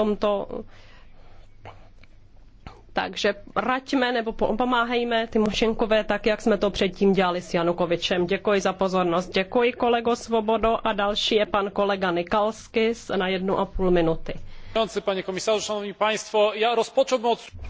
tomto takže raďme nebo pomáhejme mošenkové, tak, jak jsme to předtím dělali s Janukovičem. Děkuji za pozornost. Děkuji kolego Svobodo a další je pan kolega Nikalskis na jednu a půl minuty. Pane komisaři, šanowni państwo, ja rozpocząłbym od